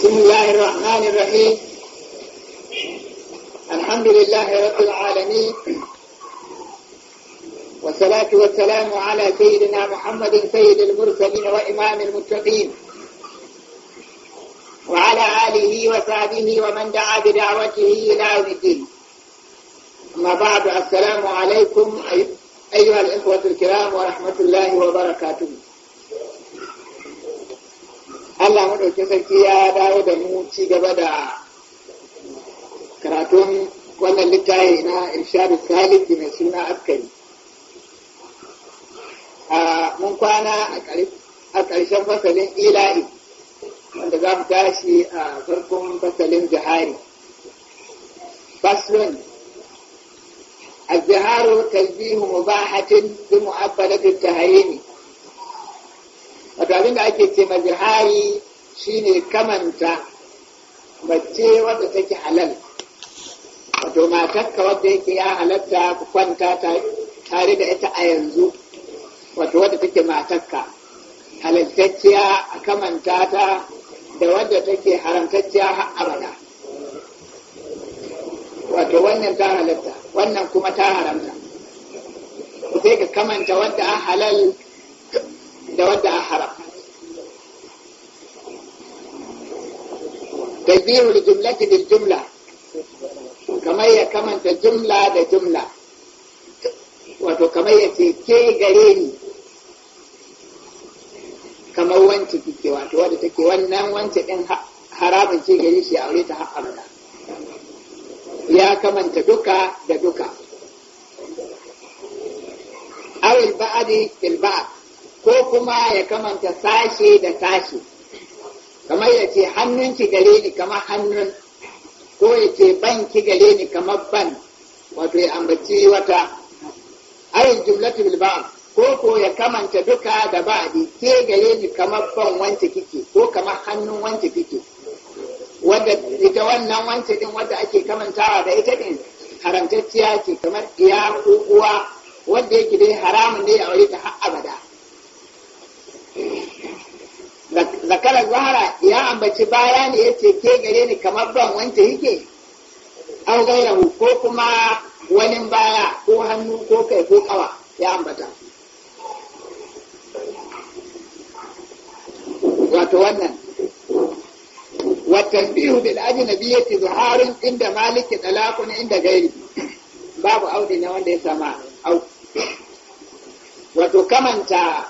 بسم الله الرحمن الرحيم الحمد لله رب العالمين والصلاة والسلام على سيدنا محمد سيد المرسلين وإمام المتقين وعلى آله وصحبه ومن دعا بدعوته إلى يوم الدين أما بعد السلام عليكم أيها الإخوة الكرام ورحمة الله وبركاته Allah madaukin sarki ya dawo da mu ci gaba da karatun wannan littafi na irshadu saliki mai suna askari a mun kwana a ƙarshen fasalin ila'i wanda za mu tashi a farkon fasalin jihari faslun الزهار تشبيه مباحة بمعبدة التهريم wato abin da ake ce mazihari shine kamanta mace wadda take halal wato matakka wadda yake ya halatta ku kwanta tare da ita a yanzu wato wadda take matakka halittacciya a kamanta ta da wadda take haramtacciya har abada wato wannan ta halatta wannan kuma ta haramta sai ka kamanta wadda a halal da wadda a haram تشبيه الجملة بالجملة kamar ya kamanta jumla da jumla wato kamar ya ce ke gare ni kamar wance kike wato wadda wannan wance ɗin haramun ce gare shi aure ta haramta ya kamanta duka da duka awil ba'adi bil ba'ad ko kuma ya kamanta sashe da sashe kamar ya ce hannunki gare ni kamar hannun ko ya ce banki gare ni kamar ban wato ya ambaci wata ayin jumlatu bil ko ko ya kamanta duka da ba ba'di ke gare ni kamar ban wance kike ko kamar hannun wance kike wadda ita wannan wance din wadda ake kamantawa da ita din haramtacciya ce kamar iya ko uwa wadda yake dai haramun ne a wuri ta har abada zakarar zahara ya ambaci baya ne ya ce ke gare ni kamar ban wanke yake au gairahu ko kuma wani baya ko hannu ko kai ko kawa ya ambata wato wannan watan biyu da aji na biye ce zuharin inda maliki dalaku ne inda gairi babu audi na wanda ya sama au wato kamanta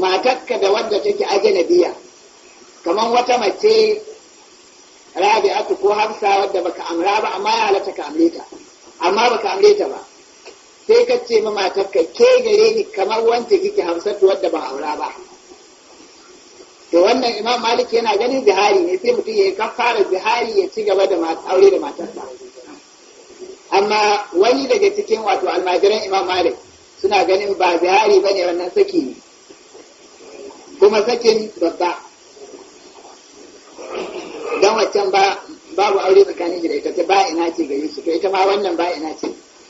matakka da wanda take ajanabiya kamar wata mace rabi'atu ko hamsa wadda baka amra ba amma ya halatta ka amre ta amma baka amre ta ba sai ka ce ma matakka ke gare ni kamar wanda kike hamsatu wadda ba aura ba to wannan imam malik yana ganin zihari ne sai mutum ya yi kafara zihari ya ci gaba da aure da matarsa amma wani daga cikin wato almajiran imam malik suna ganin ba zihari ba ne wannan saki ne kuma sakin babba don waccan ba babu aure tsakanin gida ita ta ba ina ce gare su to ita ma wannan ba ina ce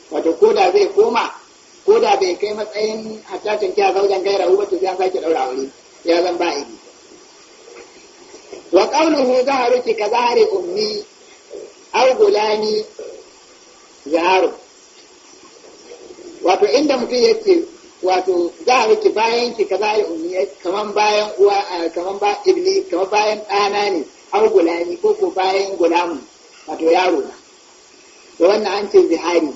wato ko da zai koma ko da bai kai matsayin a tashin kya zaujan gaira ba to zai sake daura aure ya zan ba yi. wa qawluhu zaharuki ka zahari ummi aw gulani zaharu wato inda mutum yake wato za a ki bayan ki kaza ya ummi kaman bayan uwa kaman ba ibni kaman bayan ɗana ne har gulani ko ko bayan gulamu wato yaro na to wannan an ce zihari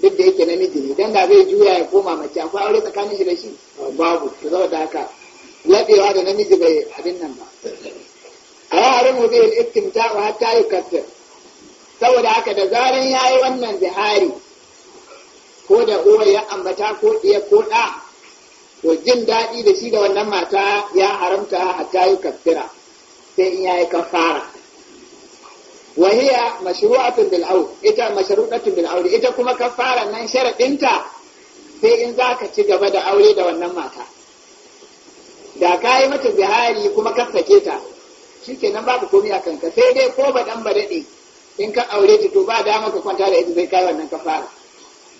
duk da yake namiji ne dan da zai juya ya koma mace akwai aure tsakanin shi da shi babu to zama da haka labewa da namiji bai abin nan ba a yaran mu zai wa hatta yukaffir saboda haka da zaran yayi wannan zihari ko da uwa ya ambata ko ɗiya ko ɗa to jin daɗi da shi da wannan mata ya haramta a tayi kafira sai in yayi kafara wa hiya mashru'atun bil ita mashru'atun bil ita kuma kafara nan sharadinta sai in zaka ci gaba da aure da wannan mata da ka yi mata zihari kuma ka sake ta shikenan babu komai a kanka sai dai ko ba dan ba daɗe in ka aure ta to ba dama ka kwanta da ita sai kai wannan kafara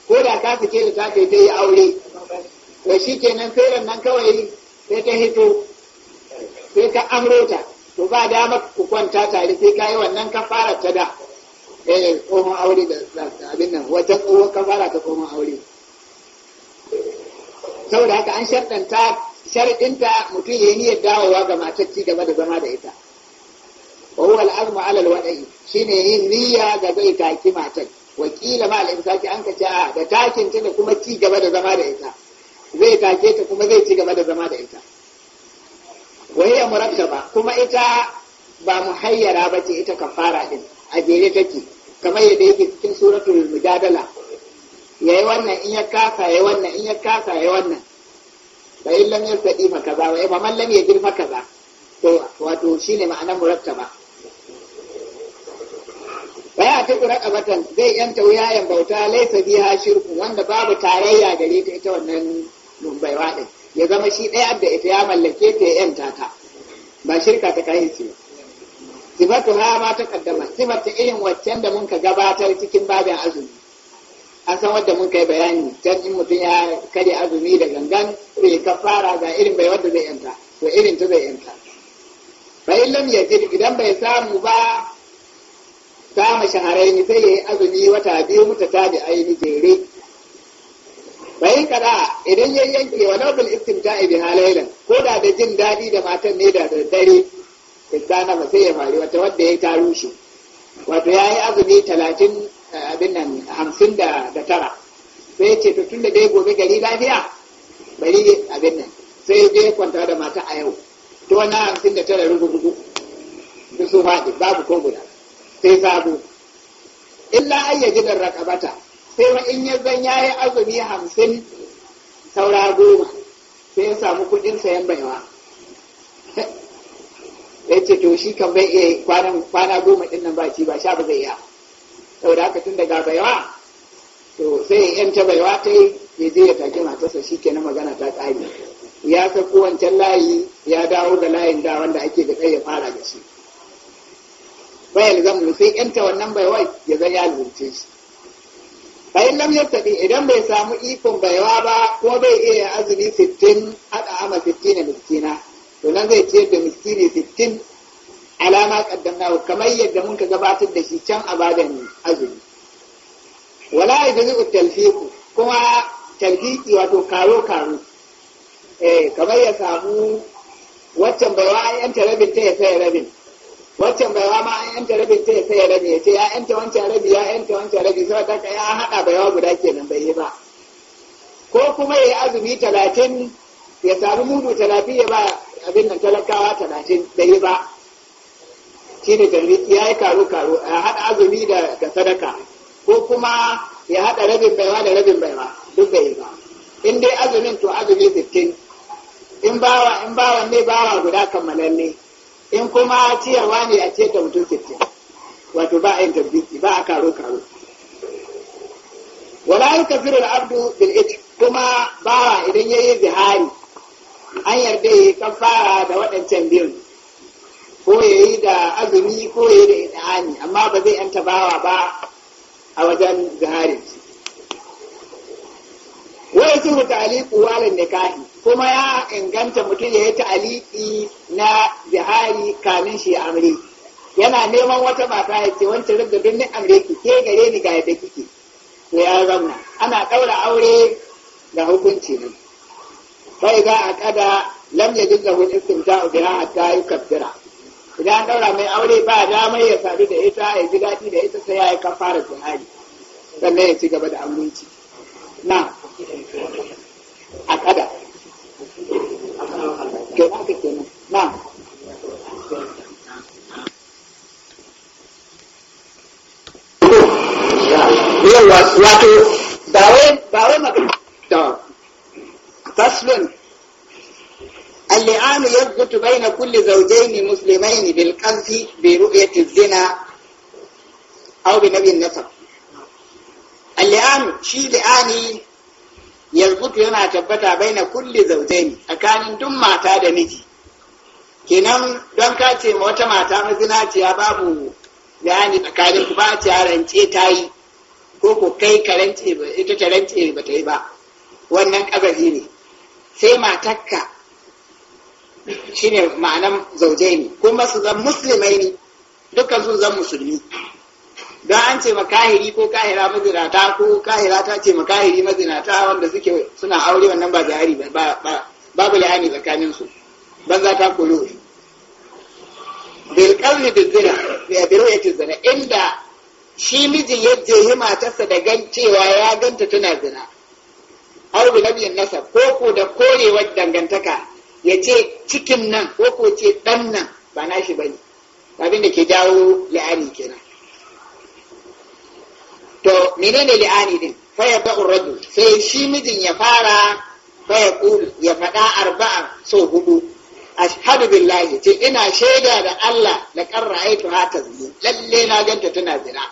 ko da ka fice da ta kai ta yi aure to shi kenan fere nan kawai sai ta hito sai ka amro ta to ba dama ku kwanta tare sai ka yi wannan kafara ta da eh koma aure da abin nan wata tsohon kafara ta tsohon aure saboda haka an sharɗanta sharɗinta mutum ya yi niyyar dawowa ga matar ci gaba da zama da ita wa huwa al-azmu ala al-wada'i shine yin niyya ga zai taki matar wakila ma al'imsaki an kace a da takin ta da kuma ci gaba da zama da ita zai take ta kuma zai ci gaba da zama da ita wa hiya murakkaba kuma ita ba muhayyara ba ce ita kafara din a jere take kamar yadda yake cikin suratul mujadala yi wannan in ya kasa yayi wannan in ya kasa yayi wannan fa in lam yastadi fa kaza wa man lam yajid girma kaza to wato shine ma'anar ba. wa ya ta ƙura zai yanta wuyayen bauta laifa biya shirku wanda babu tarayya gare ta ita wannan lumbaiwa ɗin ya zama shi ɗaya da ita ya mallake ta ya yanta ta ba shirka ta kai ce sifatu ha ma ta kaddama sifatu irin waccan da mun ka gabatar cikin babin azumi an san wadda mun kai bayani can in mutum ya karya azumi da gangan ya kafara ga irin bai wadda zai yanta to irin ta zai yanta bai lam yajid idan bai samu ba ta mu shaharaini sai ya yi azumi wata biyu mutu ta da aini jere bayan kada idan ya yanke wa nabul ta bi halailan ko da da jin daɗi da matan ne da daddare izdana ba sai ya faru wata wadda ya taru shi wato ya yi azumi talatin eh, abin nan hamsin da tara sai ya ce to tun da dai gobe gari lafiya bari abin nan sai ya je kwanta da mata a yau to wani hamsin da tara rugu duk su faɗi babu ko guda sai sabo illa an ya gidan rakabata sai ma in ya zan ya yi azumi hamsin saura goma sai ya samu kudin sayan baiwa ya ce to shi kan bai iya kwana goma din nan ba ba sha ba zai iya saboda haka tun daga baiwa to sai ya ta baiwa ta yi ya je ya take matarsa shi kenan magana ta tsari ya sako kowancen layi ya dawo da layin da wanda ake da kai ya fara da shi bayal zamu sai yanta wannan wai ya zan ya alwurce shi bayan lam yattabi idan bai samu ikon baiwa ba ko bai iya azumi sittin hada ama sittina miskina to nan zai ciyar da miskini sittin alama kaddamna kamar yadda mun ka gabatar da shi can a ni azumi wala yajzu talfiqu kuma talfiqi wato karo karo eh kamar ya samu waccan baiwa yan rabin ta ya sai rabin wancan bai ma an yanta rabin ta sai ya rabi ya ce ya yanta wancan rabi ya yanta wancan rabi sai ka ya haɗa bai wa guda kenan bai yi ba ko kuma ya yi azumi talatin ya sami mudu talatin ya ba abin nan talakawa talatin bai yi ba shi ne ya yi karo karo ya haɗa azumi da sadaka ko kuma ya haɗa rabin baiwa da rabin baiwa duk bai yi ba in dai azumin to azumi sittin in bawa in bawa ne bawa guda ne in kuma ciyarwa ne a ce ta mutum sittin wato ba a yin tabbiki ba a karo karo wala yi kafir abdu bil kuma bawa idan ya yi zihari an yarda ya yi kafara da waɗancan biyun ko ya yi da azumi ko ya yi da idani amma ba zai yanta bawa ba a wajen zihari wai su aliku walin nikahi kuma ya inganta mutum ya yi ta'aliki na jihari kamin shi amri yana neman wata mata ya ce wancan rubda birnin ni ke gare ni ga yadda kike to ya zauna ana ɗaura aure ga hukunci ne kai ga a kada lam ya dinga hun a ta yi yukaffira idan an ɗaura mai aure ba damar ya sadu da ita ya ji daɗi da ita sai ya yi kafara jihari sannan ya ci gaba da aminci na الأدب كيف ممكن نعم yawa wato ba wai ba wai magana faslun al-li'anu yathbutu bayna kulli zawjayn muslimayn bil qazfi bi ru'yati zina aw bi nabi nasab al-li'anu shi li'ani yazbutu yana tabbata baina kulli ne tsakanin duk mata da miji kenan don ka ce ma wata mata mazinaciya babu yani tsakanin ku ba ta rance ta yi ko ku kai karance ita ta rance ba ta yi ba wannan kazafi ne sai matakka shine ma'anan zaujaini kuma su zan musulmai ne dukkan su zan musulmi da an ce makahiri ko kahira mazinata ko kahira ta ce makahiri mazinata wanda suke suna aure wannan ba jihari ba babu lahani tsakanin su banza ta kolo bil qawli bil zina bi ru'yati zina inda shi mijin ya jehi sa da gan cewa ya ganta tana zina aw bi nabiyin nasab ko ko da korewar dangantaka ya ce cikin nan ko ko ce dan nan ba nashi bane abin da ke jawo la'ani kenan to menene li'ani din fa ya ba'u radu sai shi mijin ya fara fa ya kul ya faɗa arba'a so hudu ashhadu billahi ce ina shaida da Allah la kan ra'aytu ha tazni lalle na ganta tana zina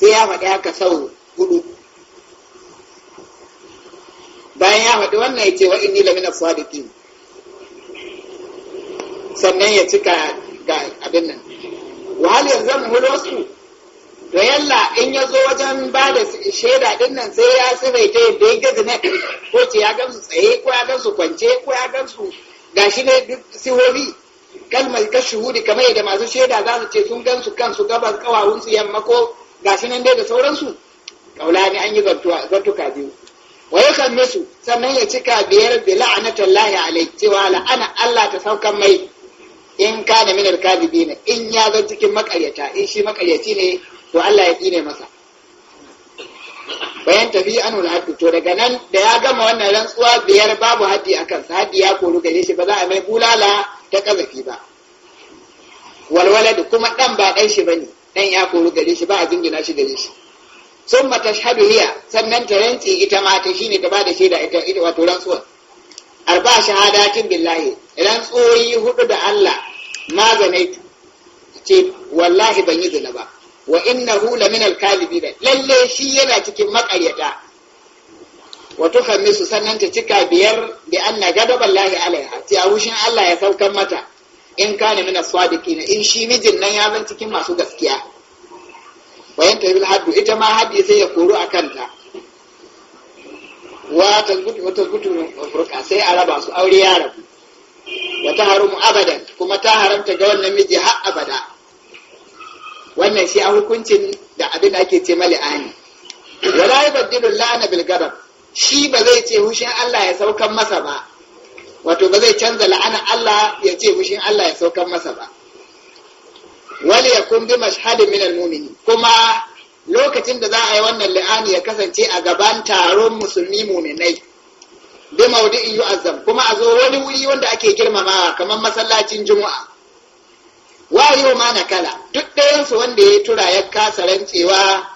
sai ya faɗi haka sau hudu bayan ya faɗi wannan ya ce wa inni as sadiqin sannan ya cika ga abin nan wa hal yanzu mu wasu to yalla in ya zo wajen ba da shaida din nan sai ya sirai ta yadda ya gaza ne? ko ce ya gansu tsaye ko ya gansu kwance ko ya gansu gashi ne duk siwori kalmar ka shuhudi kamar yadda masu shaida za su ce sun gansu kansu gabas kawawunsu yamma ko gashi nan dai da sauransu kaulani an yi zartuka biyu wa yakan misu sannan ya cika biyar da la'anatul lahi alai cewa la'ana Allah ta saukan mai in minar min al in ya zo cikin makaryata in shi makaryaci ne to Allah ya ɗine masa bayan tafi an haddu to daga nan da ya gama wannan rantsuwa biyar babu haddi a kansa haddi ya koru gare shi ba za a mai bulala ta kazafi ba walwaladu kuma dan ba dan shi bane dan ya koru gare shi ba a jingina shi gare shi sun mata hiya sannan ta rantsi ita ma ta shine ta bada shaida ita ita wato rantsuwa arba shahadatin billahi rantsoyi hudu da Allah ma zanaitu ce wallahi ban yi zina ba wa innahu hula min al-kadhibin lalle shi yana cikin makaryata wa tuhammisu sannan ta cika biyar bi anna gadaballahi alaiha ta hushin Allah ya sauka mata in kana min as-sadiqin in shi mijin nan ya zan cikin masu gaskiya wayan ta bil haddu ita ma haddi sai ya koru akan ta wa tazbutu wa tazbutu furqa sai a raba su aure ya rabu wa ta abada abadan kuma ta haramta ga wannan miji har abada wannan shi a hukuncin da abin ake ce ma wala yubaddilu la'ana bil gadab shi ba zai ce hushin Allah ya saukan masa ba wato ba zai canza la'ana Allah ya ce hushin Allah ya saukan masa ba wal yakun bi mashhadin min al mu'minin kuma lokacin da za a yi wannan la'ani ya kasance a gaban taron musulmi mu'minai bi maudi'in yu'azzam kuma a zo wani wuri wanda ake girmamawa kamar masallacin juma'a wayo ma na kala duk ɗayansu wanda ya tura ya kasa rantsewa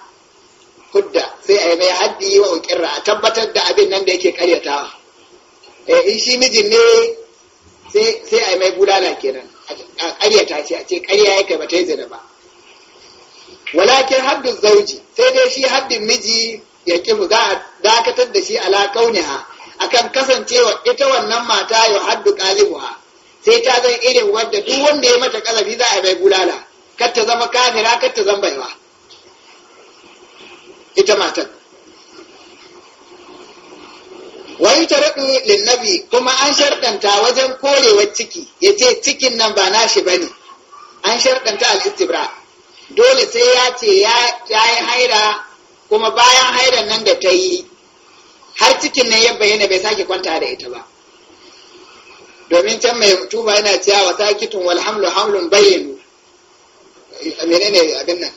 hudda sai a yi mai haddi wa ukirra a tabbatar da abin nan da yake karyatawa eh, in shi mijin ne sai a yi mai gudana kenan a karyata ce a ce karya ya kai ba ta yi zina ba walakin haddin zauji sai dai shi haddin miji ya kifu za a dakatar da shi ala kauniha akan kasancewa ita wannan mata ya haddu kalibuha sai ta zan irin wadda duk wanda ya mata kazafi za a bai bulala kar ta zama kafira kar ta zama baiwa ita matan wani taraɗu linnabi kuma an sharɗanta wajen korewar ciki ya ce cikin nan ba nashi ba ne an sharɗanta al'istibra dole sai ya ce ya yi haira kuma bayan hairan nan da ta yi har cikin nan ya bayyana bai sake kwanta da ita ba domin can mai tuba yana cewa wa takitun wal hamlu hamlun bayyinu eh, menene abin nan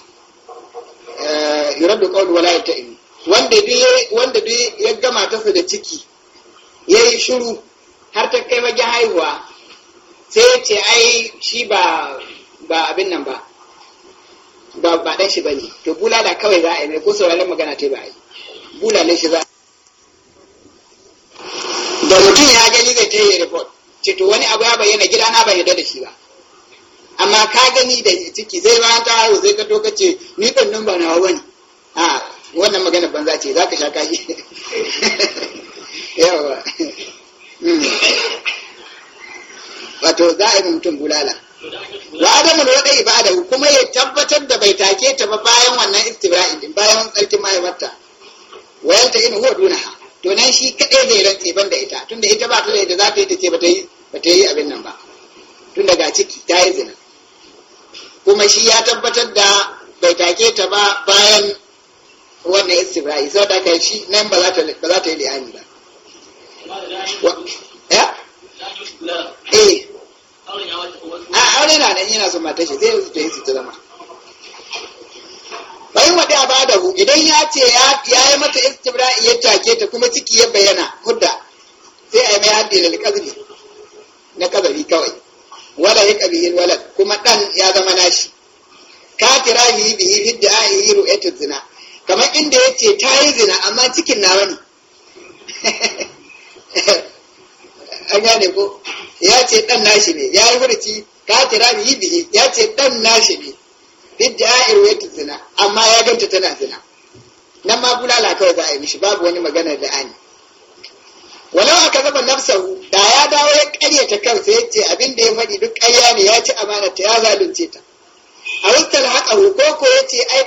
eh, yuraddu qawlu wala yata'in wanda duk wanda bi ya gama tasa da ciki yayi shiru har ta kai wajen haihuwa sai ya ce ai shi ba ba abin nan ba ba ba dan shi bane to bulala kawai za a yi mai, ko sauraron magana ta ba yi Bulalan shi za da mutum ya gani zai ta yi report ce to wani abu ya bayyana gida na ban yarda da shi ba amma ka gani da ciki zai ba ta haihu zai ka to ka ce ni ɗan nan ba nawa bane a wannan magana banza ce za ka sha kashi yawa hmm. wato za a yi mutum bulala wa adamu da wadai da kuma ya tabbatar da bai take ta ba bayan wannan istibra'in din shi nan ba za ta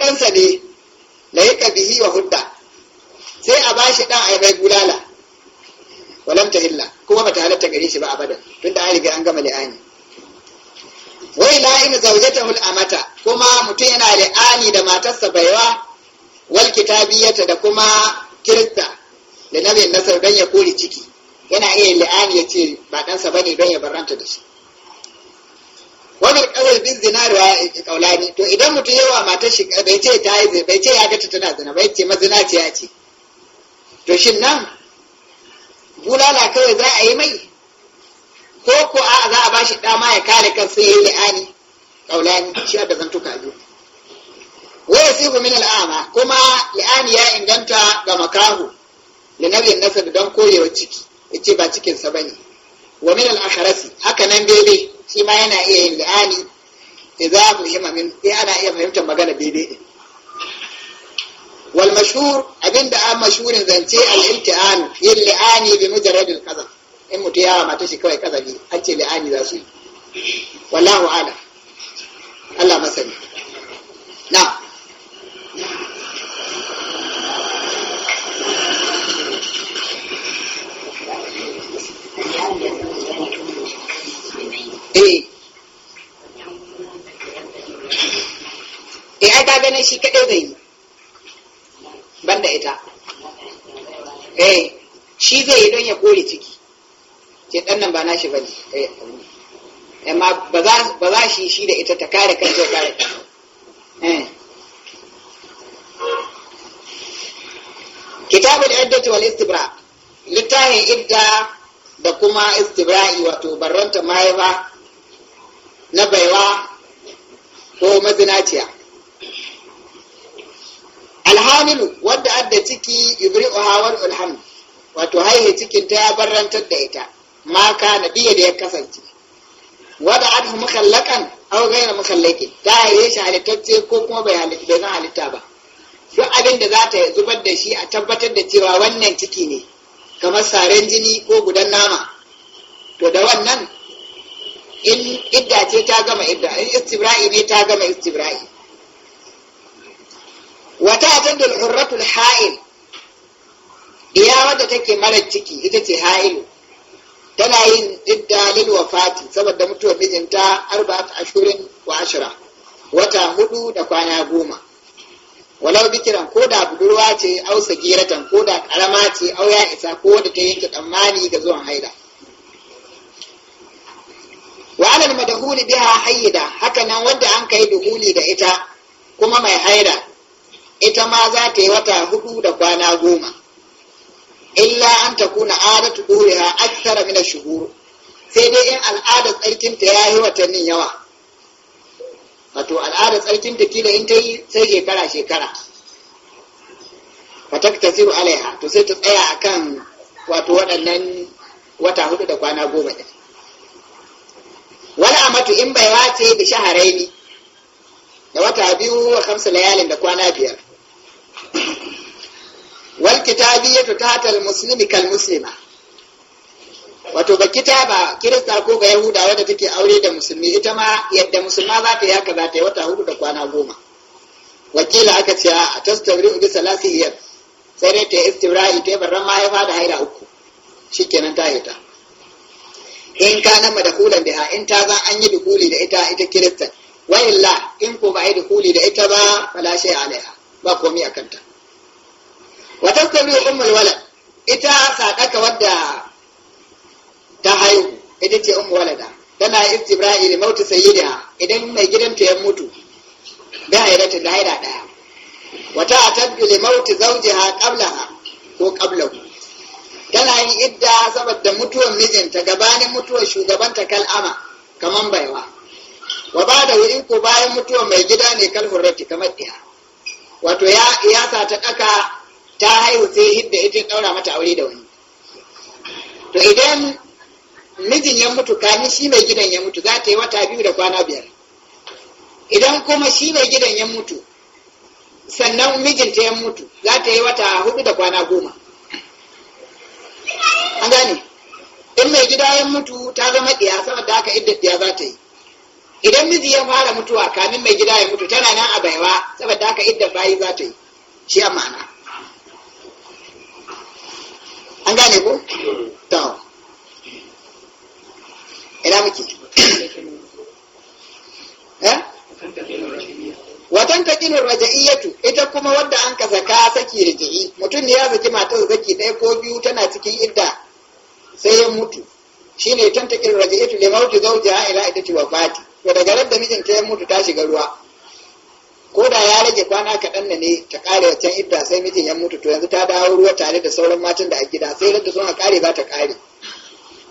ɗansa ne la yi bihi wa hudda sai a bashi ɗan a mai bulala walam ta hilla kuma bata halatta gare shi ba abadan tunda an riga an gama li'ani wai la'in zaujatahu mata kuma mutum yana li'ani da matarsa baiwa wal kitabiyata da kuma kirista da nabi nasar don ya kori ciki yana iya li'ani ya ce ba ɗansa bane don ya baranta da shi wani kawai bin zinari ya kaulani to idan mutum yawa matar shi eh, bai ce ta yi bai ce ya gata tana zina bai ce mazina ce ya ce to shi nan bulala kawai za a yi mai ko ko a za a bashi dama ya kare kansa ya yi li'ani kaulani shi da zantuka biyu wa hu min al'ama kuma la'ani ya inganta ga makahu linabi nasar don koyewa ciki ce ba cikinsa ba ne. wa min akharasi haka nan bebe shi ma yana iya yin li'ani idza fahima min ana iya fahimtar magana daidai din wal mashhur abinda an mashhurin zance al imtihan yin li'ani bi mujarrad al qadar in mutu yawa mata shi kawai ne an ce li'ani za su yi wallahu ala Allah masani na'am shi kaɗai zai yi banda ita eh shi zai yi don ya kore ciki ce ɗan nan ba na shi bane eh, eh amma ba za shi shi da ita ta kare kan ya kare eh kitabul iddati wal istibra littafin idda da kuma istibra'i wato barranta mahaifa na baiwa ko mazinaciya hamilu wadda adda ciki ibri'u hawar ulham wato haihe cikin ta ya barrantar da ita ma na biya da ya kasance wadda adhu mukallakan aw ghayra mukallake ta haihe shi halittacce ko kuma bai halitta bai zan halitta ba duk abin da za ta zubar da shi a tabbatar da cewa wannan ciki ne kamar saren jini ko gudan nama to da wannan in idda ce ta gama idda in istibra'i ne ta gama istibra'i alhamdul hurratul ha'il iya wadda take mara ciki ita ce ha'ilu tana yin idda lil wafati saboda mutuwar mijinta arba'at ashurin wa ashira wata hudu da kwana goma walau bikiran ko da budurwa ce au sagiratan ko da karama ce au ya isa ko wadda ta yanke tsammani ga zuwan haida wa alal madhuli biha hayyida haka nan wanda an kai duhuli da ita kuma mai haida ita ma za ta yi wata hudu da kwana goma illa an ta kuna adatu ƙuriha tara mina shuhuru sai dai in al'adar tsarkinta ya yi watannin yawa wato al'adar tsarkinta kila in ta yi sai shekara shekara fatak tasiru alaiha to sai ta tsaya a kan wato waɗannan wata hudu da kwana goma ɗin wani amatu in bai wace da shaharai ne da wata biyu wa kamsa layalin da kwana biyar wal kitabiyatu tahta al muslimi kal muslima wato ga kitaba kirista ko ga yahuda wadda take aure da musulmi ita ma yadda musulma za ta yi haka za ta yi wata hudu da kwana goma wakila aka ce a tastauri ubi salasi iyar sai dai ta istibra'i ta barran mahaifa da haira uku shikenan ta hita in ka na madakulan biha in ta zan an yi dukuli da ita ita kiristan wa illa in ko ba yi dukuli da ita ba fala shay alaiha ba komai a kanta wa ummul ita sadaka wadda ta haihu ita ce wala walada tana istibra'i mautu sayyidiha idan mai gidanta ya mutu da hairatin da haira daya wata atabbi li mauti zawjiha qablaha ko qablahu tana yin idda saboda mutuwar mijinta gabanin mutuwar shugabanta kal'ama kaman baiwa wa ba da wuri ko bayan mutuwar mai gida ne kalhurrati kamar diya wato ya ya sa ta kaka ta haihu sai hidda ita daura mata aure da wani to idan mijin ya mutu kani shi mai gidan ya mutu za ta yi wata biyu da kwana biyar idan kuma shi mai gidan ya mutu sannan mijinta ya mutu za ta yi wata hudu da kwana goma an gane in mai gida ya mutu ta zama ɗiya saboda da haka idda ɗiya za ta yi idan miji ya fara mutuwa kamin mai gida ya mutu tana nan a baiwa saboda haka idda bayi za ta yi shi a ma'ana an gane ko to ina muke eh? watan raja'iyatu ita kuma wadda an ka zaka saki raja'i mutum ne ya zaki matar zaki ɗaya ko biyu tana cikin idda sai ya mutu shine tantakin raja'iyatu limauti zawjiha ila wa wafati to daga da mijinta ya mutu ta shiga ruwa ko da ya rage kwana kaɗan na ne ta ƙare wacan idda sai mijin ya mutu to yanzu ta dawo ruwa tare da sauran matan da a gida sai sun a ƙare ba ta ƙare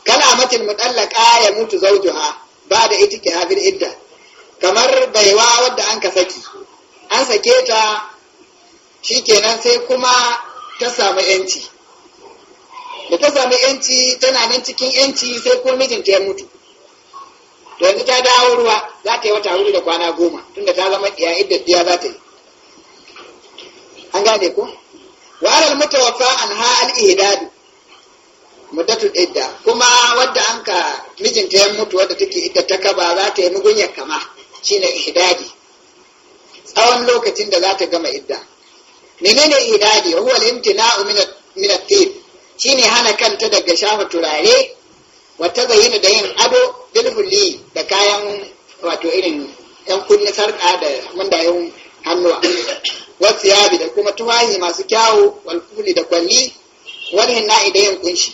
kana matin mutallaka ya mutu zaujuha ba da ita ke hafin idda kamar baiwa wadda an ka saki an sake ta shikenan sai kuma ta samu yanci da ta samu yanci tana nan cikin yanci sai kuma mijinta ya mutu to yanzu ta dawo ruwa za ta yi wata hudu da kwana goma tunda ta zama iya idda biya za ta yi an gane ko waral mutawaffa an ha al ihdadu muddatul idda kuma wadda an ka mijinta ya mutu wadda take idda ta kaba za ta yi mugunyar kama shine ihdadi tsawon lokacin da za ta gama idda menene ihdadi huwa al imtina'u min min at shine hana kanta daga shafa turare wata bayyana da yin ado bilhulli da kayan wato irin yan kunni sarƙa da mundayen hannuwa wasu yabi da kuma tuwahi masu kyawu walkuli da kwalli wani na'i da yin kunshi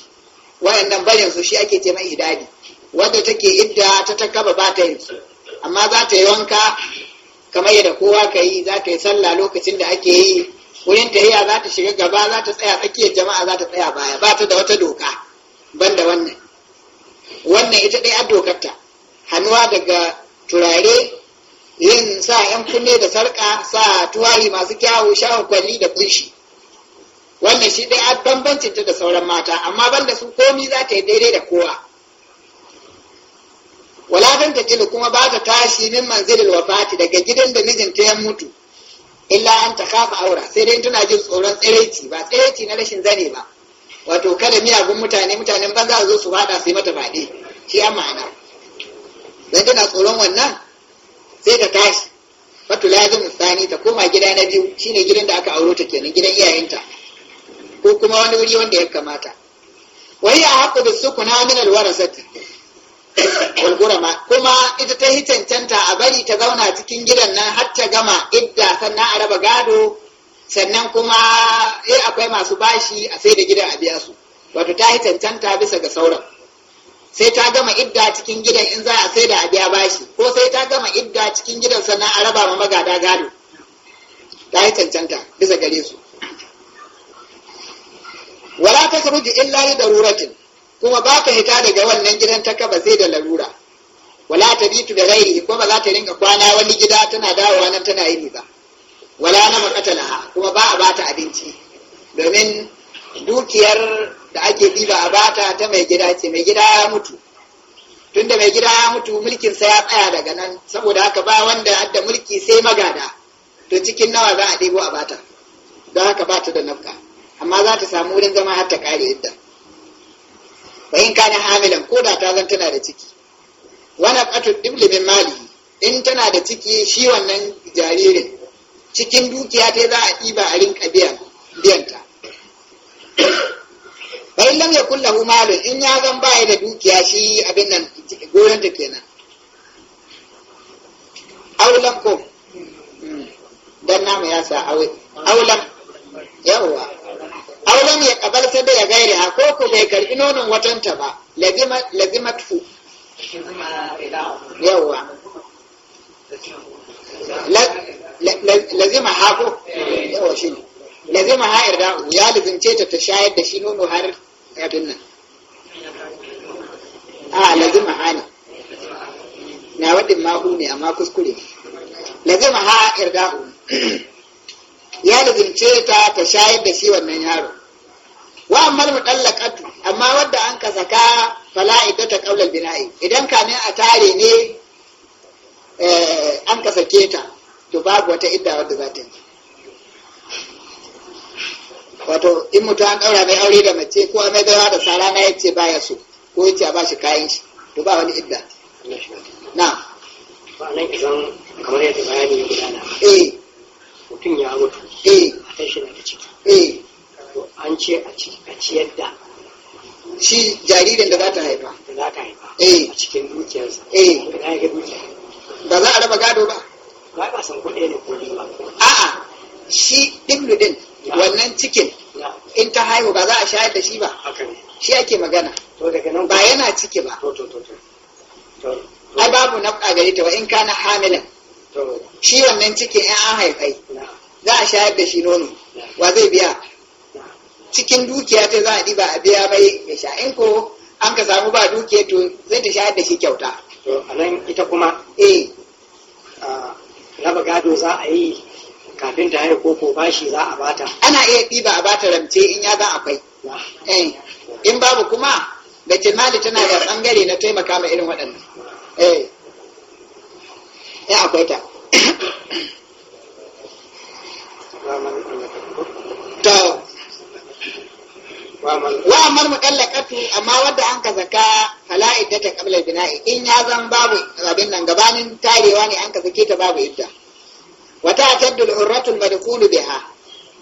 wayannan barin su shi ake ce mai idadi wadda take idda ta takaba ba ta yin su amma za ta yi wanka kamar yadda kowa ka yi za ta yi sallah lokacin da ake yi wurin tahiya za ta shiga gaba za ta tsaya tsakiyar jama'a za ta tsaya baya ba ta da wata doka ban da wannan wannan ita ɗaya a dokarta hannuwa daga turare yin sa yan kunne da sarƙa sa tuwari masu kyawu shawar kwalli da kunshi wannan shi ɗaya an bambancin ta da sauran mata amma banda su komi za ta yi daidai da kowa wala ta tilu kuma ba ta tashi min manzilin wafati daga gidan da mijinta ya mutu illa an ta kafa aura sai dai tana jin tsoron tsiraici ba tsiraici na rashin zane ba wato kada miyagun mutane mutane za a zo su fada su yi mata baɗi shi an ma'ana don tana tsoron wannan sai ta tashi wato lazim tsani ta koma gida na biyu shine gidan da aka auro ta kenan gidan iyayenta ko kuma wani wuri wanda ya kamata wai a haƙo da sukuna min alwarasati walgurama kuma ita ta hitancanta a bari ta zauna cikin gidan nan har ta gama idda sannan a raba gado sannan kuma eh akwai masu bashi a sai da gidan a biya su wato ta yi cancanta bisa ga sauran sai ta gama idda cikin gidan in za a sai da a biya bashi ko sai ta gama idda cikin gidan sannan a raba ma magada gado ta yi cancanta bisa gare su wala ta karu illa li daruratin kuma ba ka hita daga wannan gidan ta kaba sai da larura wala ta bitu da gairi ko ba za ta rinka kwana wani gida tana dawowa nan tana yi ba wala na makatalaha kuma ba a bata abinci domin dukiyar da ake diba a bata ta mai gida ce mai gida ya mutu tunda mai gida ya mutu sa ya tsaya daga nan saboda haka ba wanda hadda mulki sai magada to cikin nawa za a ɗebo a bata don haka bata da nafka amma za ta samu wurin zama har ta kare yadda fa in hamilan ko da ta zan tana da ciki wani qatu dibli min mali in tana da ciki shi wannan jaririn cikin dukiya ta za a ɗiba a rinka biyanta bayan lam ya kulla malun in ya zan baya da dukiya shi abin nan goyon ta kenan aulan ko dan namu ya sa aulan yawa aulan ya kabar ta da ya gairi ha ko ko bai karbi nonon watanta ba lazimat fu yawa lazima ha ko yawa shi ne lazima ha irda ya lizince ta ta shayar da shi nono har abin nan a lazima ha ne na wadin mahu ne amma kuskure lazima ha irda ya lizince ta ta shayar da shi wannan yaro wa amma mutallaqatu amma wadda an ka saka fala'ida ta qawla bina'i idan kamin a tare ne eh, an ka sake ta to babu wata idda wadda za ta yi wato in mutum an ɗaura mai aure da mace ko mai dawa da sara na yace baya so ko yace a ba shi kayan shi to ba wani idda na ba nan idan kamar yadda bayani ya gudana eh mutum ya mutu eh matan shi na da ciki eh to an ce a ciyar da shi jaririn da za ta haifa shayar da shi ba shi ake magana ba yana ciki ba ai babu na gare ta wa in kana hamilan shi wannan ciki in an haifai za a shayar da shi nono wa zai biya cikin dukiya ta za a ɗiba a biya mai ya sha in ko an ka samu ba dukiya to zai ta shayar da shi kyauta to anan ita kuma eh raba gado za a yi kafin ta haihu ko ko bashi za a bata ana iya ɗiba a bata ramce in ya za akwai eh in babu kuma bace mali tana da bangare na taimaka ma irin waɗannan eh ya eh, akwai ta wa amar amma wadda an ka zaka fala'i ta qabla bina'i in ya zan babu abin nan gabanin tarewa ne an ka zake ta babu idda wata taddul urratul madkhulu biha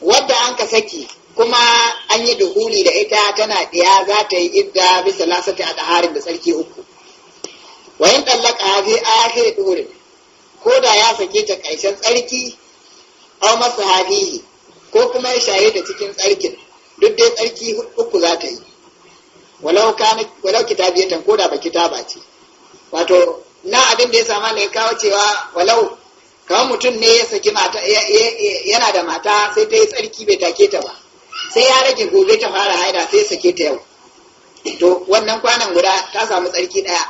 wadda an ka saki kuma an yi duhuli da ita tana ɗiya za ta yi idda bisa lasata a ɗaharin da sarki uku wayan ɗallaka fi ya duhurin ko da ya sake ta ƙarshen tsarki au masu habihi ko kuma ya shaye ta cikin tsarkin duk dai tsarki uku za ta yi walau ta ko da ba kitaba ce wato na abin da ya sama ne kawo cewa walau kawo mutum ne ya saki mata yana da mata sai ta yi tsarki bai take ta ba sai ya rage gobe ta fara haida sai sake ta yau to wannan kwanan guda ta samu tsarki ɗaya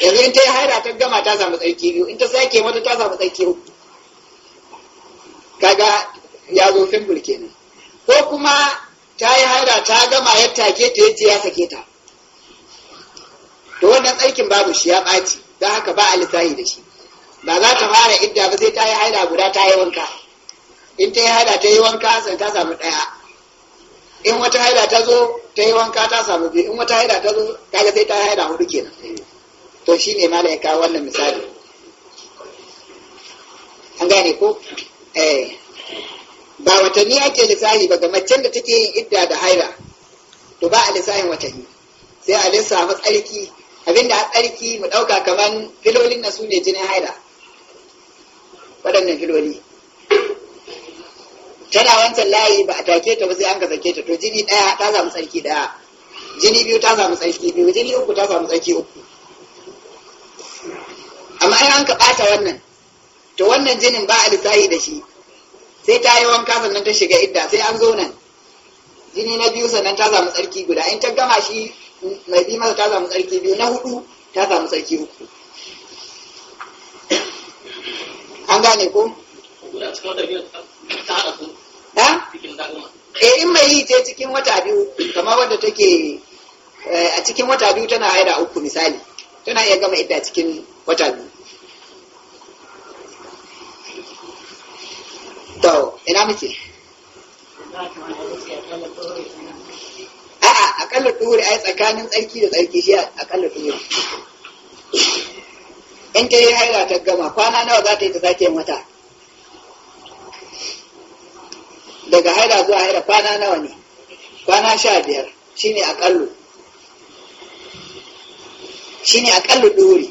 yanzu in ta yi haida ta gama ta samu tsarki biyu in ta sake mata ta samu tsarki uku kaga ya zo fimbul kenan ko kuma ta yi haida ta gama ya take ta yace ya sake ta to wannan tsarkin babu shi ya ɓaci don haka ba a lissahi da shi ba za ta fara idda ba sai ta yi haida guda ta yi wanka in ta yi haila ta yi wanka sai ta samu ɗaya in wata haila ta zo ta yi wanka ta samu biyu in wata haila ta zo kaga sai ta haila hudu kenan to shi ne mala ya kawo wannan misali an gane ko eh ba watanni ake lissafi ba ga macen da take yin idda da haila to ba a lissafin watanni sai a lissafa tsarki da a tsarki mu ɗauka kamar filolin na su ne jinin haila waɗannan filoli tana wancan layi ba a take ta ba sai an ka sake ta to jini daya ta samu tsarki daya jini biyu ta samu tsarki biyu jini uku ta samu tsarki uku amma in an ka bata wannan to wannan jinin ba a lissahi da shi sai ta yi wanka sannan ta shiga idda sai an zo nan jini na biyu sannan ta samu tsarki guda in ta gama shi mai bi masa ta samu tsarki biyu na hudu ta samu tsarki uku an gane ko? eh in mai yi ce cikin wata biyu kamar wadda take eh, a cikin wata biyu tana haida uku misali tana iya gama idda cikin wata biyu to ina muke a'a akalla duhuri ai tsakanin tsarki da tsarki shi akalla duhuri in ta yi haira ta gama kwana nawa za ta yi ta sake mata daga haida zuwa haida kwana nawa ne kwana sha biyar shine akallu shine akallu dori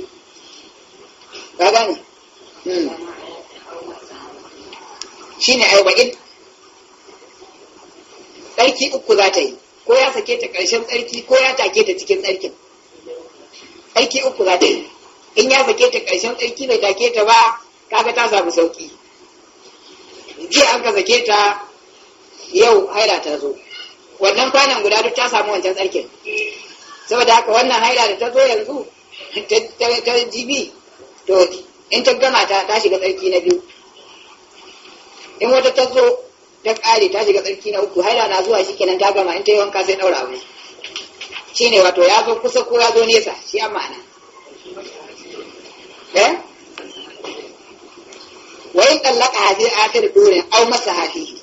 ka hmm. Shi ne arba'in tsarki uku za ta yi ko ya sake ta ƙarshen tsarki ko ya take ta cikin tsarkin tsarki uku za ta yi in ya sake ta ƙarshen tsarki bai take ta ba kaga ta samu sauki jiya an ka sake ta yau haila ta zo wannan kwanan guda duk ta samu wancan tsarkin saboda haka wannan haila da ta zo yanzu ta jibi to in ta gama ta ta shiga tsarki na biyu in wata ta zo ta kare ta shiga tsarki na uku haila na zuwa shikenan ta gama in ta yi wanka sai daura Shi shine wato ya zo kusa ko ya zo nesa shi an ma'ana Wai eh? wa in tallaka hafi akhir durin au masa hafihi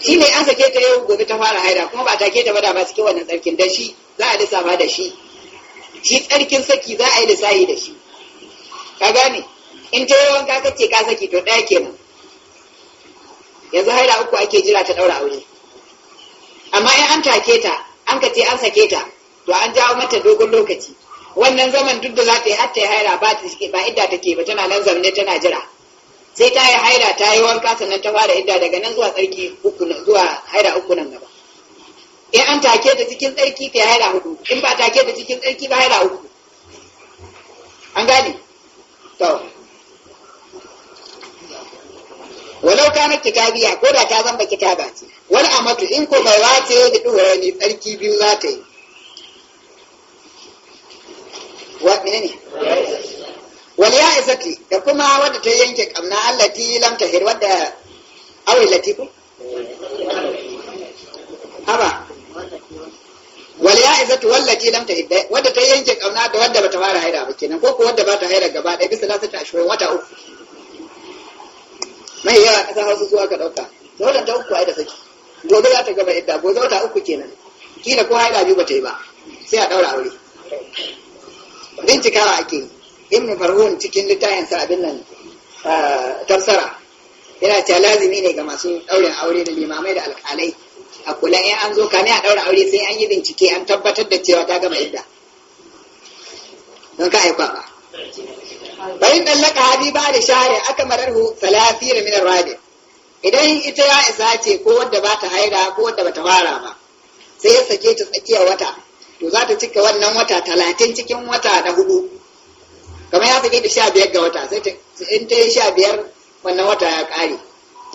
shi ne an sake ta yau gobe ta fara haira kuma ba take ta bada ba cikin wannan tsarkin da shi za a lissafa da shi shi tsarkin saki za a yi lissafi da shi ka gane in ta yawan ka ce ka saki to ɗaya kenan yanzu haira uku ake jira ta ɗaura aure amma in an take ta an ka ce an sake ta to an jawo mata dogon lokaci wannan zaman duk da za ta yi har ta yi haira ba ta take ba tana nan zaune tana jira sai ta yi haira ta yi wanka sannan ta fara idda daga nan zuwa tsarki zuwa haira uku nan gaba in an take ta cikin tsarki ta haira hudu in ba take ta cikin tsarki ba haira uku an gane to walau ta kitabiya ko da ta zamba kitaba ce wani amatu in ko mai wace da duhura ne tsarki biyu za ta yi wa ne wal ya'izati da kuma wadda ta yanke kamna allati lam tahir wadda awai latifu. haba wal ya'izatu wallati lam tahid wadda ta yanke kamna da wadda bata fara haira ba kenan ko ko wadda bata haira gaba ɗaya bisa lasa ta ashirin wata uku mai yawa kasa hausa zuwa ka ɗauka sauran ta uku ai da saki gobe za ta gaba idda gobe wata uku kenan kila ko haira biyu bata yi ba sai a ɗaura aure bincikawa ake yi ibn farhun cikin littafinsa abin nan tafsara yana cewa lazimi ne ga masu ɗaurin aure da limamai da alƙalai a kula in an zo kame a ɗaura aure sai an yi bincike an tabbatar da cewa ta gama idda don ka aikwa ba bayan ɗallaka hadi ba da share aka mararhu salafira minar rabi idan ita ya isa ce ko wadda ba ta haira ko wadda ba ta fara ba sai ya sake ta tsakiyar wata to za ta cika wannan wata talatin cikin wata da hudu kamar ya fita da sha biyar ga wata sai in ta yi sha biyar wannan wata ya ƙare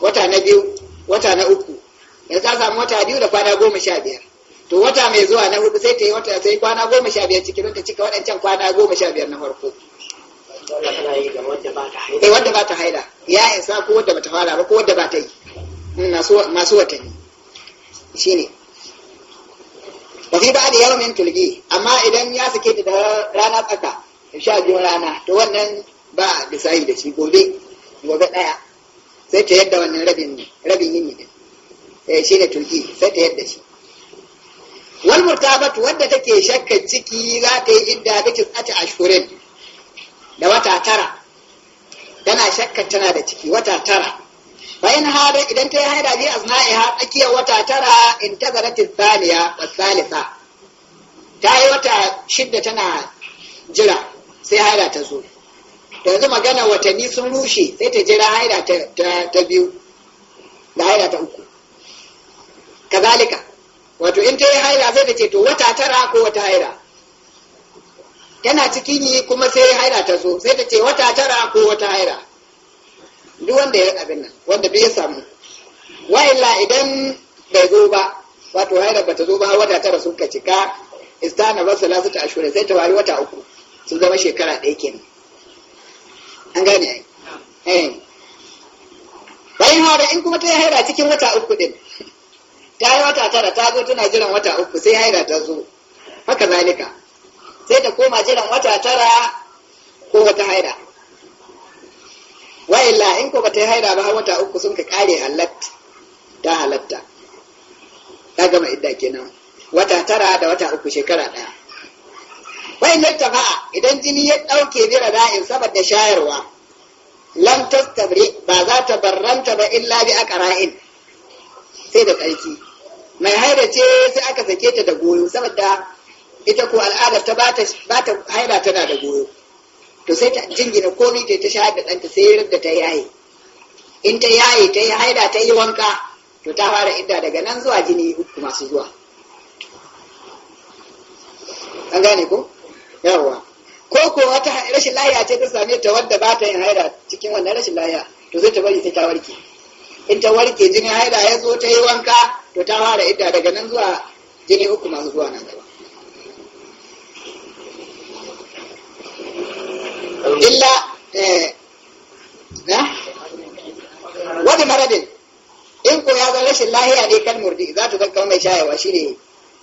wata na biyu wata na uku ya ta samu wata biyu da kwana goma sha biyar to wata mai zuwa na hudu sai ta yi wata sai kwana goma sha biyar cikin ta cika waɗancan kwana goma sha biyar na farko eh wanda ba ta haida ya isa ko wanda ba ta fara ba ko wanda ba ta yi masu watanni shine wa fi ba da yawmin tulgi amma idan ya suke da rana tsaka sha biyu rana to wannan ba a lissahi da shi gobe gobe ɗaya sai ta yadda wannan rabin rabin yini da eh, shi ne turki sai ta yadda shi wal murtabatu wadda take shakka ciki za ta yi idda da a ashhurin da wata tara tana shakka tana da ciki wata tara bayan haɗa idan ta yi a zina'i ha tsakiyar wata tara in ta thaniya wa thalitha ta yi wata shidda tana jira sai haila ta zo yanzu magana watanni sun rushe sai ta jira haila ta biyu da haila ta uku kazalika wato in ta yi haila sai ta ce to wata tara ko wata haila tana ciki yi kuma sai haila ta zo sai ta ce wata tara ko wata haila duk wanda ya abin nan wanda bai samu Waila idan bai zo ba wato haila bata zo ba wata tara sun ka cika istana ba su lasu ta ashirin sai ta wari wata uku sun zama shekara ɗaya kenan an gane ai eh bayan haka in kuma ta haira cikin wata uku din ta yi wata tara ta zo tana jiran wata uku sai haira ta zo haka zalika sai ta koma jiran wata tara ko wata haira wa'illa in ko bata yi haira ba wata uku sun ka kare halatta ta halatta ta gama idda kenan wata tara da wata uku shekara ɗaya na jama'a idan jini ya ɗauke bira da'in saboda shayarwa lan tastabri ba za ta barranta ba illa bi aqra'in sai da tsarki mai haida ce sai aka sake ta da goyo saboda ita ko al'ada ta bata bata haida tana da goyo to sai ta jingina komai ta shayar da ɗanta sai yarda ta yaye in ta yaye ta yi haida ta yi wanka to ta fara idda daga nan zuwa jini uku masu zuwa an gane ko yawa ko ko wata rashin lahiya ce ta same ta wadda ba ta yin haida cikin wannan rashin lahiya to zai ta bari sai ta warke in ta warke jinin haida ya zo ta yi wanka to ta fara idda daga nan zuwa jini uku masu zuwa nan gaba illa eh, na wani maradin in ko ya zan rashin lahiya ne kan murdi za ta zaka mai shayarwa shi ne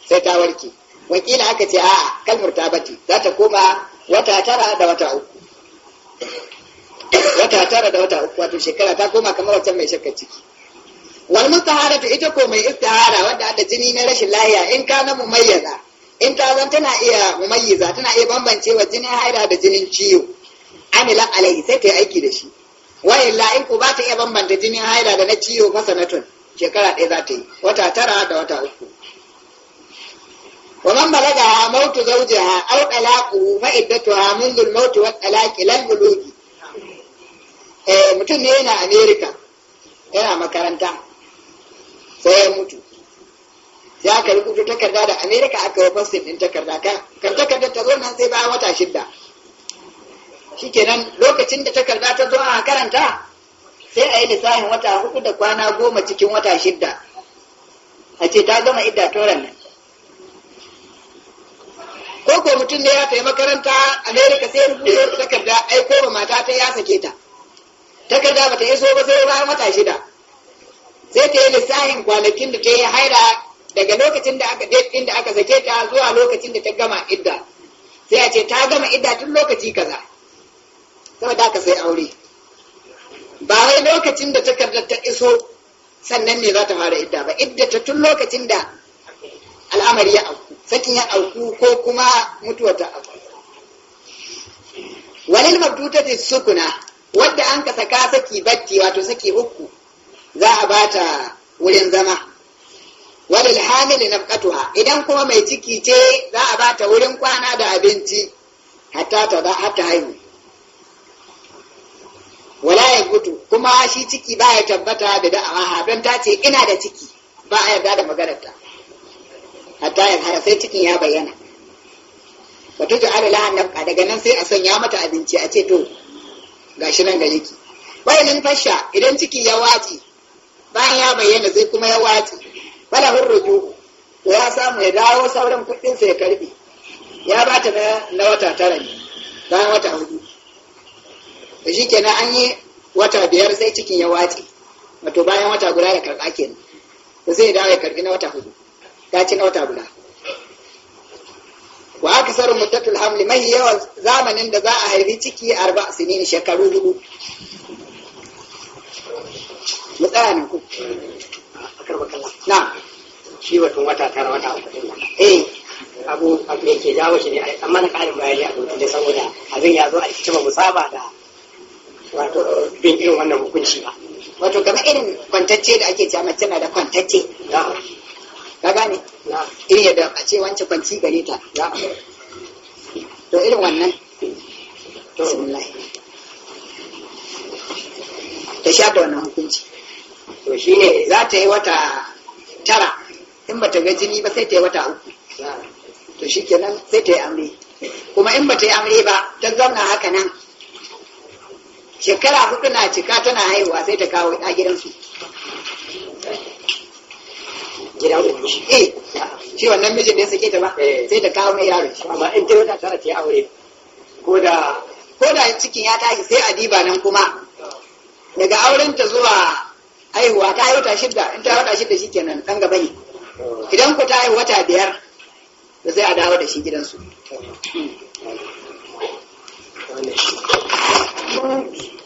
sai ta warke wakila aka ce a kalmar ta bati za ta koma wata tara da wata uku wata tara da wata uku wato shekara ta koma kamar wacce mai shakka ciki wal ta ita ko mai istihara wadda ada jini na rashin lahiya in ka na mumayyaza in ta zan tana iya mumayyiza tana iya bambancewa jinin haira da jinin ciwo amila alai sai ta yi aiki da shi wayan la in ku ba ta iya bambanta jinin haira da na ciwo masanatun shekara ɗaya za ta yi wata tara da wata uku ومن بلغها موت زوجها أو طلاقه فعدتها منذ الموت والطلاق لا البلوغ mutum ne yana amerika yana makaranta sai ya mutu ya ka rubuta takarda da amerika aka yi fasin din takarda kan takarda ta zo nan sai bayan wata shidda shikenan lokacin da takarda ta zo a karanta sai a yi lissafin wata hudu da kwana goma cikin wata shidda a ce ta gama idda toran nan ko ko mutum ne ya tafi makaranta amerika sai ya rubuta wata takarda ko ma mata ta ya sake ta takarda bata iso ba sai bayan wata shida sai ta yi lissafin kwanakin da ta yi haira daga lokacin da aka ɗin da aka sake ta zuwa lokacin da ta gama idda sai a ce ta gama idda tun lokaci kaza saboda aka sai aure ba wai lokacin da takardar ta iso sannan ne za ta fara idda ba idda ta tun lokacin da al'amari ya auku sakin ya auku ko kuma mutuwar ta auku walil mabduta da sukuna wadda an ka saka saki batti wato saki uku za a bata wurin zama walil hamil nafqatuha idan kuma mai ciki ce za a bata wurin kwana da abinci hatta ta da hatta haihu wala ya gudu kuma shi ciki baya tabbata da da'awa don ta ce ina da ciki ba a yarda da maganarta hatta ya fara sai cikin ya bayyana ta ja'ala lahan nafqa daga nan sai a sanya mata abinci a ce to gashi nan ga yake nan fasha idan ciki ya wace bayan ya bayyana sai kuma ya wace Bala hurruju to ya samu ya dawo sauran kuɗin sa ya karbi ya ba ta na wata tara ne bayan wata hudu da shi kenan an yi wata biyar sai cikin ya wace wato bayan wata guda ya karɓa kenan sai ya dawo ya karɓi na wata hudu ta ci na wata guda wa sarin muddatul hamli mai yawan zamanin da za a haifi ciki arba sinin shekaru hudu mu tsaya nan ku na shi watan wata tara wata uku eh abu da ke jawo shi ne amma na karin bayani a da saboda abin ya zo a cikin ba saba da wato bin irin wannan hukunci ba wato kamar irin kwantacce da ake cewa mace na da kwantacce ka gane irin eh, yadda a ce wancan kwanci gare ta to irin wannan bismillah ta sha da wannan hukunci to shine za ta yi wata tara in ba ta ga jini ba sai ta yi wata uku to shi kenan sai ta yi amri kuma in ba ta yi amri ba ta zauna haka nan shekara hudu na cika tana haihuwa sai ta kawo ɗa gidan uban shi eh. shi wannan mijin da ya sake ta ba eh. sai ta kawo mai yaro shi amma in kiro ta tara ta aure ko da ko da cikin ya tashi sai a diba nan kuma daga auren ta zuwa haihuwa ta haihuta shidda in ta wata shidda shikenan dan gaba ne idan ku ta haihu wata biyar da sai a dawo da shi gidansu Thank you.